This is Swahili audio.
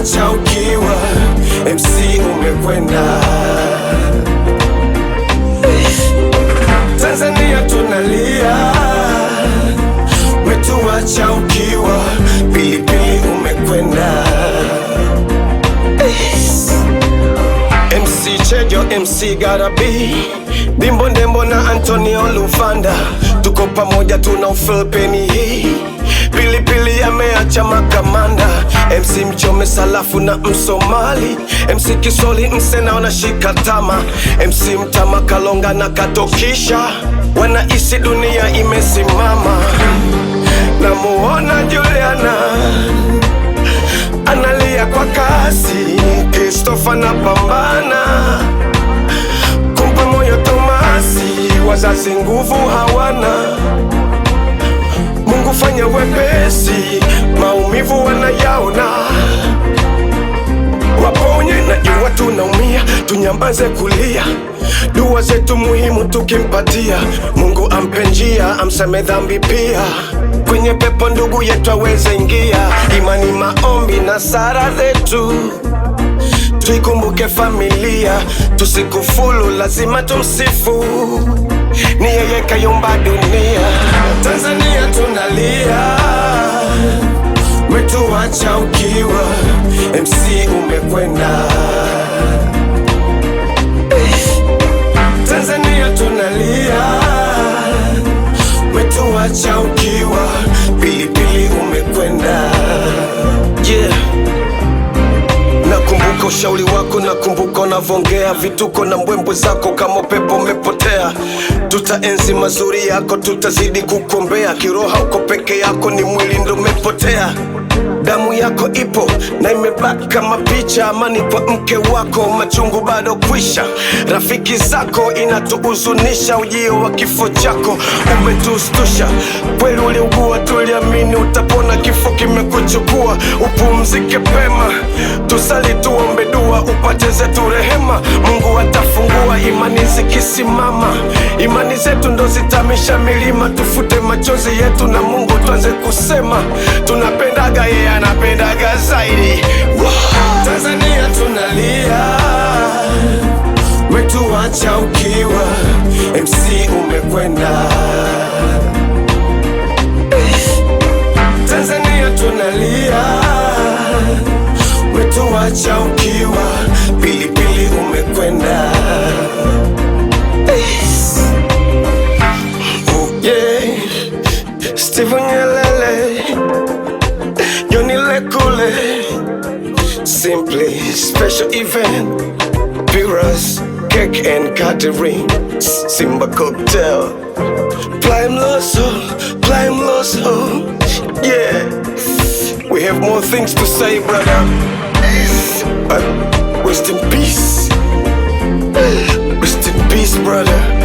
kuacha ukiwa MC umekwenda. Tanzania tunalia, wetuacha ukiwa, pilipili umekwenda. MC Chejo, MC Garabi, Bimbo Ndembo na Antonio Lufanda, tuko pamoja, tuna ufilpeni hii pilipili ameacha makamanda MC mcho salafu na Msomali, MC Kisoli msena shika tama, MC Mtama Kalonga na Katokisha wanaisi dunia imesimama. Namuona Juliana analia kwa kasi, Kristofa na pambana kumpa moyo Tomasi, wazazi nguvu hawana Mungu fanya wepesi, maumivu wanayaona. anyambaze kulia, dua zetu muhimu tukimpatia Mungu, ampe njia, amsame dhambi pia, kwenye pepo ndugu yetu aweze ingia. Imani, maombi na sara zetu tuikumbuke familia, tusikufulu, lazima tumsifu, ni yeye kayumba dunia. Tanzania tunalia, umetuacha ukiwa, MC umekwenda ushauri wako na kumbuka unavongea vituko na mbwembwe zako, kama upepo umepotea. Tutaenzi mazuri yako, tutazidi kukombea. Kiroha uko peke yako, ni mwili ndo umepotea damu yako ipo na imebaki kama picha. Amani kwa mke wako, machungu bado kwisha. Rafiki zako inatuhuzunisha, ujio wa kifo chako umetustusha. Kweli uliugua, tuliamini utapona kifo kuchukua, upumzike pema, tusali tuombe dua, upate zetu rehema. Mungu atafungua imani zikisimama, imani zetu ndo zitamisha milima. Tufute machozi yetu na Mungu tuanze kusema tunapendaga, yeye anapendaga zaidi. Tanzania tunalia umetuacha ukiwa, MC umekwenda wetu, wacha ukiwa pilipili umekwenda oh, Steven Nyelele, Johnny Lekule, Simply Special Event, Piras Cake and Catering, Simba Cocktail, Prime Loso, Prime Loso. have more things to say, brother. Uh, rest in peace. Rest in peace, brother.